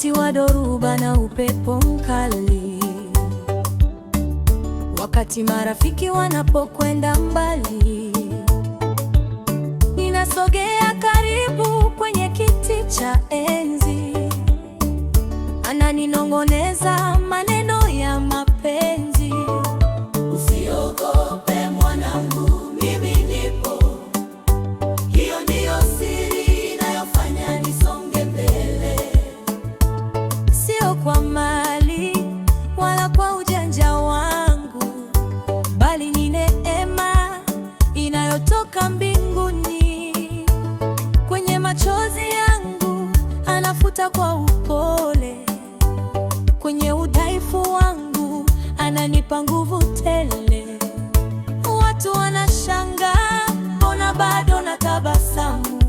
wakati wa dhoruba na upepo mkali, wakati marafiki wanapokwenda mbali, ninasogea karibu kwa mali wala kwa ujanja wangu, bali ni neema inayotoka mbinguni. Kwenye machozi yangu anafuta kwa upole, kwenye udhaifu wangu ananipa nguvu tele. Watu wanashangaa, mbona bado na tabasamu